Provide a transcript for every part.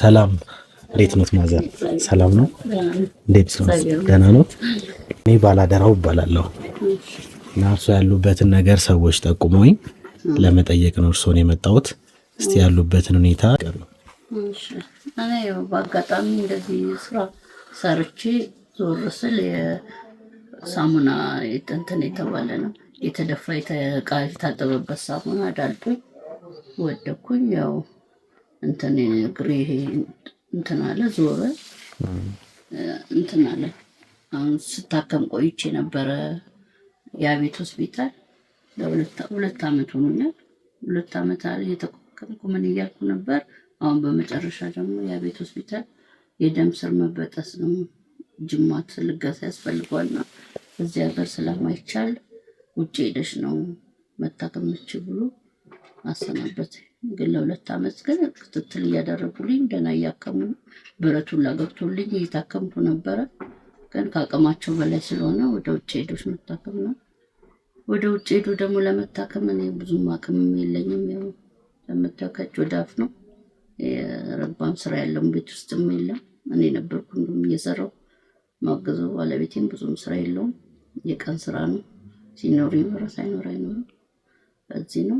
ሰላም እንዴት ነው ማዘር? ሰላም ነው? እንዴት ነው? ደህና ነው። እኔ ባላደራው እባላለሁ እና እርሶ ያሉበትን ነገር ሰዎች ጠቁመውኝ ለመጠየቅ ነው እርሶን የመጣሁት። እስቲ ያሉበትን ሁኔታ እኔ በአጋጣሚ እንደዚህ ስራ ሰርቼ ዞር ስል የሳሙና እንትን የተባለ ነው የተደፋ የተቃ የታጠበበት ሳሙና ዳልጦኝ ወደኩኝ ያው እንትን እንትን አለ ዞረ እንትን አለ። አሁን ስታከም ቆይቼ ነበረ የአቤት ሆስፒታል ለሁለት ዓመት ሆኖኛል። ሁለት ዓመት አለ እየተቋቋምኩ ምን እያልኩ ነበር። አሁን በመጨረሻ ደግሞ የአቤት ሆስፒታል የደም ስር መበጠስ ነው ጅማት ልገሳ ያስፈልገዋልና እዚህ ሀገር ስለማይቻል ውጭ ሄደሽ ነው መታከምች ብሎ አሰናበት ግን ለሁለት አመት ግን ክትትል እያደረጉልኝ ደህና እያከሙ ብረቱን ላገብቶልኝ እየታከምኩ ነበረ። ግን ከአቅማቸው በላይ ስለሆነ ወደ ውጭ ሄዶች መታከም ነው። ወደ ውጭ ሄዱ ደግሞ ለመታከም እኔ ብዙም አቅምም የለኝም። ያው ለምታው ከእጅ ወደ አፍ ነው። የረባም ስራ ያለውም ቤት ውስጥም የለም። እኔ ነበርኩ እንዲሁም እየሰራው ማገዘው። ባለቤቴም ብዙም ስራ የለውም። የቀን ስራ ነው ሲኖር ይኖረ ሳይኖር አይኖርም። በዚህ ነው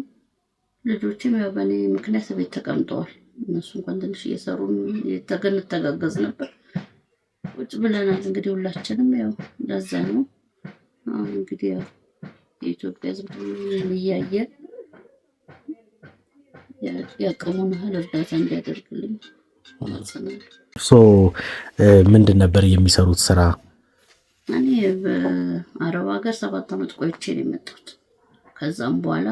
ልጆችም ያው በእኔ ምክንያት ቤት ተቀምጠዋል። እነሱ እንኳን ትንሽ እየሰሩ እንተጋገዝ ነበር። ቁጭ ብለናል። እንግዲህ ሁላችንም ያው ለዛ ነው። አሁን እንግዲህ ያው የኢትዮጵያ ሕዝብ እያየ ያቅሙን ያህል እርዳታ እንዲያደርግልኝ ሶ ምንድን ነበር የሚሰሩት ስራ? እኔ በአረብ ሀገር ሰባት አመት ቆይቼ ነው የመጣሁት ከዛም በኋላ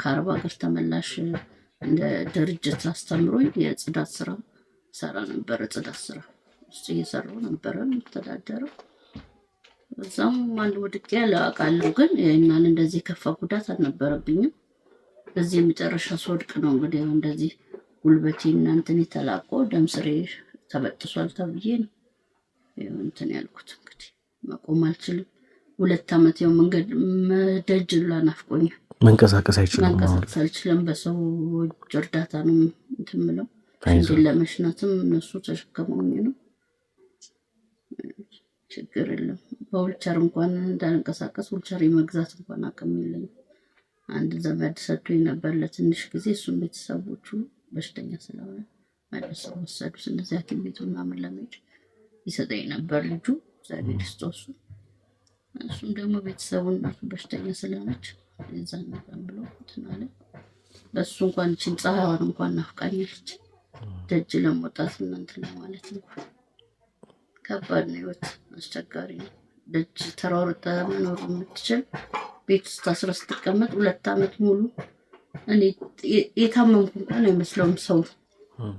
ከአረብ ሀገር ተመላሽ እንደ ድርጅት አስተምሮኝ የጽዳት ስራ ሰራ ነበረ። ጽዳት ስራ ውስጥ እየሰራሁ ነበረ የምተዳደረው። እዛም አንድ ወድቄ አውቃለሁ፣ ግን ይህናል እንደዚህ የከፋ ጉዳት አልነበረብኝም። በዚህ የመጨረሻ ስወድቅ ነው እንግዲህ እንደዚህ ጉልበቴ እናንትን የተላቆ ደም ስሬ ተበጥሷል ተብዬ ነው እንትን ያልኩት። እንግዲህ መቆም አልችልም። ሁለት ዓመት ያው መንገድ ደጅ ላናፍቆኝ መንቀሳቀስ አይችልም መንቀሳቀስ አልችልም። በሰዎች እርዳታ ነው እንትን የምለው እንጂ ለመሽናትም እነሱ ተሸከመኝ ነው። ችግር የለም። በውልቸር እንኳን እንዳንቀሳቀስ ውልቸር የመግዛት እንኳን አቅም የለኝም። አንድ ዘመድ ሰጥቶኝ ነበር ለትንሽ ጊዜ። እሱም ቤተሰቦቹ በሽተኛ ስለሆነ መልሰው ወሰዱት። እንደዚህ ሐኪም ቤቱ ምናምን ለመሄድ ይሰጠኝ ነበር ልጁ እግዚአብሔር ይስጠው እሱ እሱም ደግሞ ቤተሰቡ እናቱ በሽተኛ ስለሆነች የዛን ነገር ብሎ እንትን አለ። በእሱ እንኳን ይችን ፀሐይዋን እንኳን ናፍቃኛለች። ደጅ ለመውጣት እና እንትን ለማለት እንኳን ከባድ ነው። ህይወት አስቸጋሪ ነው። ደጅ ተሯርጠ መኖር የምትችል ቤት ውስጥ አስራ ስትቀመጥ ሁለት አመት ሙሉ እኔ የታመምኩ እንኳን አይመስለውም ሰው።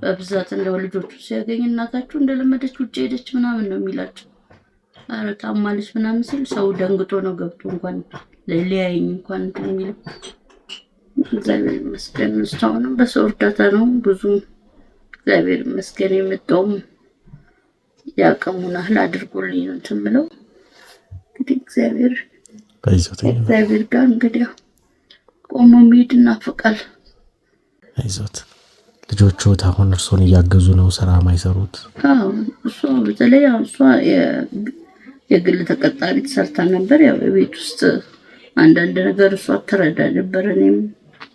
በብዛት እንደው ልጆቹ ሲያገኝ እናታችሁ እንደለመደች ውጭ ሄደች ምናምን ነው የሚላቸው ታማለች ምናምን ሲል ሰው ደንግጦ ነው ገብቶ እንኳን ሊያየኝ እንኳን የሚለው። እግዚአብሔር ይመስገን እስካሁንም በሰው እርዳታ ነው ብዙ እግዚአብሔር ይመስገን የመጣውም ያቅሙን አህል አድርጎልኝ ነው እንትን የምለው እንግዲህ እግዚአብሔር እግዚአብሔር ጋር እንግዲህ ቆሞ መሄድ እናፍቃል። አይዞት ልጆቹ አሁን እርሶን እያገዙ ነው ስራ ማይሰሩት እሷ በተለይ እሷ የግል ተቀጣሪ ተሰርታ ነበር። ያው የቤት ውስጥ አንዳንድ ነገር እሷ ትረዳ ነበር። እኔም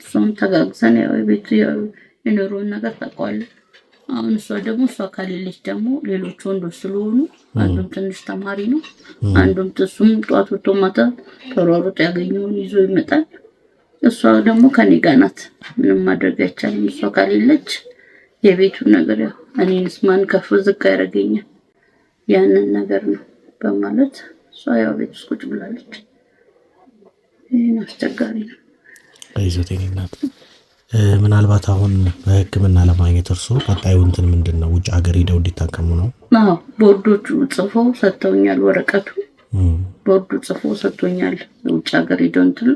እሷም ተጋግዘን ያው የቤቱ የኑሮውን ነገር ታውቀዋለህ። አሁን እሷ ደግሞ እሷ ከሌለች ደግሞ ሌሎች ወንዶች ስለሆኑ አንዱም ትንሽ ተማሪ ነው፣ አንዱም እሱም ጠዋት ወጥቶ ማታ ተሯሩጦ ያገኘውን ይዞ ይመጣል። እሷ ደግሞ ከኔ ጋር ናት። ምንም ማድረግ አይቻልም። እሷ ከሌለች የቤቱን ነገር ያው እኔንስ ማን ከፍ ዝቅ ያደርገኛል? ያንን ነገር ነው በማለት እሷ ያው ቤት ውስጥ ቁጭ ብላለች። ይህን አስቸጋሪ ነው። ምናልባት አሁን በህክምና ለማግኘት እርሶ ቀጣዩ እንትን ምንድን ነው? ውጭ ሀገር ሄደው እንዲታከሙ ነው? አዎ ቦርዶቹ ጽፎ ሰጥተውኛል። ወረቀቱ ቦርዱ ጽፎ ሰጥቶኛል። ውጭ ሀገር ሄደው እንትን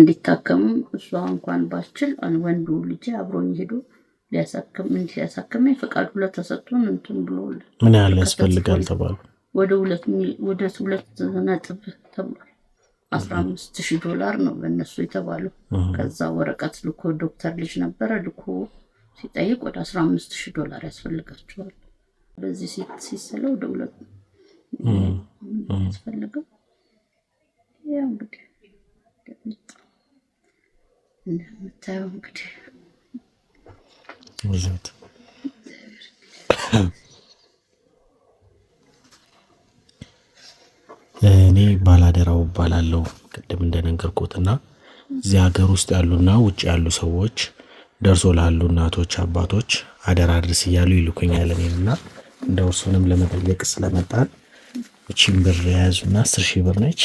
እንዲታከሙ እሷ እንኳን ባስችል ወንዱ ልጅ አብሮኝ ሄዶ ሊያሳክም እንዲያሳክመኝ ፈቃዱ ለተሰጥቶን እንትን ብሎ ምን ያህል ያስፈልጋል ተባሉ ወደ ሁለት ነጥብ ተብሏል። አስራ አምስት ሺህ ዶላር ነው ለእነሱ የተባለው። ከዛ ወረቀት ልኮ ዶክተር ልጅ ነበረ ልኮ ሲጠይቅ ወደ አስራ አምስት ሺህ ዶላር ያስፈልጋቸዋል። በዚህ ሲሰለ ወደ ሁለት ያስፈልገው ያ እንግዲህ እንደምታየው እንግዲህ ባላደራው እባላለሁ። ቅድም እንደነገርኩትና እዚህ ሀገር ውስጥ ያሉና ውጭ ያሉ ሰዎች ደርሶ ላሉ እናቶች፣ አባቶች አደራ አድርስ እያሉ ይልኩኛል። እኔንና እንደ እርሱንም ለመጠየቅ ስለመጣን እቺን ብር የያዙና አስር ሺህ ብር ነች።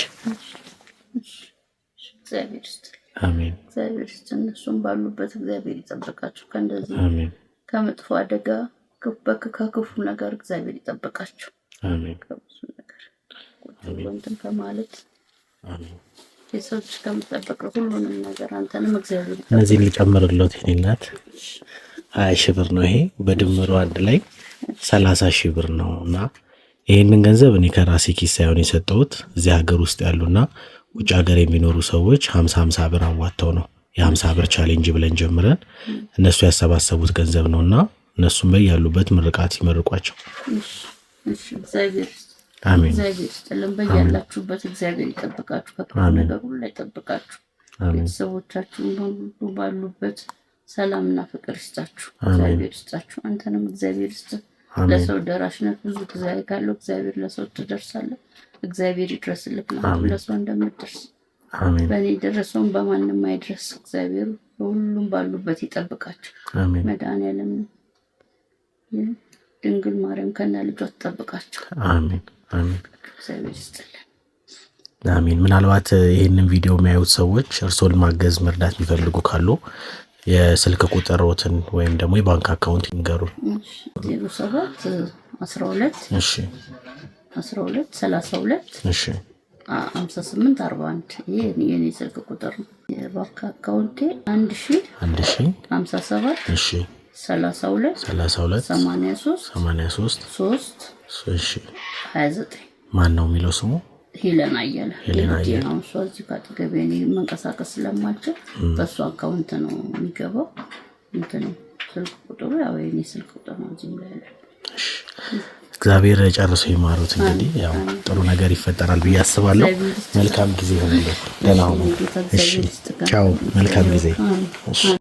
አሜን። እግዚአብሔር ይስጥ። እነሱም ባሉበት እግዚአብሔር ይጠበቃቸው ከእንደዚህ ከመጥፎ አደጋ፣ ከክፉ ነገር እግዚአብሔር ይጠበቃቸው አሜን። ቁጭ ብሎ እንትን ከማለት ሁሉንም ነገር አንተንም እግዚአብሔር እነዚህ ሊጨምርለት ይላል። ሀያ ሺህ ብር ነው ይሄ በድምሩ አንድ ላይ ሰላሳ ሺህ ብር ነው እና ይህንን ገንዘብ እኔ ከራሴ ኪስ ሳይሆን የሰጠሁት እዚህ ሀገር ውስጥ ያሉና ውጭ ሀገር የሚኖሩ ሰዎች ሀምሳ ሀምሳ ብር አዋጥተው ነው የሀምሳ ብር ቻሌንጅ ብለን ጀምረን እነሱ ያሰባሰቡት ገንዘብ ነው እና እነሱም ላይ ያሉበት ምርቃት ይመርቋቸው። እግዚአብሔር ይስጥልን። በያላችሁበት እግዚአብሔር ይጠብቃችሁ፣ ከክፉ ነገር ሁሉ ይጠብቃችሁ። ቤተሰቦቻችሁን በሁሉ ባሉበት ሰላምና ፍቅር ይስጣችሁ፣ እግዚአብሔር ይስጣችሁ። አንተንም እግዚአብሔር ይስጥ። ለሰው ደራሽነት ብዙ ጊዜ ካለው እግዚአብሔር ለሰው ትደርሳለህ። እግዚአብሔር ይድረስልክ ነው ለሰው እንደምትደርስ በእኔ ደረሰውን በማንም አይድረስ። እግዚአብሔር በሁሉም ባሉበት ይጠብቃቸው መድኃኔዓለም ድንግል ማርያም ከነ ልጇ ትጠብቃቸው። አሜን አሜን። አሜን። ምናልባት ይህንን ቪዲዮ የሚያዩት ሰዎች እርስዎን ማገዝ መርዳት የሚፈልጉ ካሉ የስልክ ቁጥሮትን ወይም ደግሞ የባንክ አካውንት ይንገሩ። ዜሮ ሰባት አስራ ሁለት አስራ ሁለት ሰላሳ ሁለት አምሳ ስምንት አርባ አንድ ይህ የኔ ስልክ ቁጥር ነው። የባንክ አካውንቴ አንድ ሺ አንድ ሺ አምሳ ሰባት ማን ነው የሚለው ስሙ? ሄለን አየለ። ሄለን እሷ እዚህ ካጠገቤ እኔ መንቀሳቀስ ስለማልችል በእሱ አካውንት ነው የሚገባው። እንትን ስልክ ቁጥሩ ያው የእኔ ስልክ ቁጥር ነው እዚህ ላይ ያለ። እግዚአብሔር ጨርሶ ይማሩት። እንግዲህ ያው ጥሩ ነገር ይፈጠራል ብዬ አስባለሁ። መልካም ጊዜ ይሆንልን። ደህና ሁኑ። ቻው። መልካም ጊዜ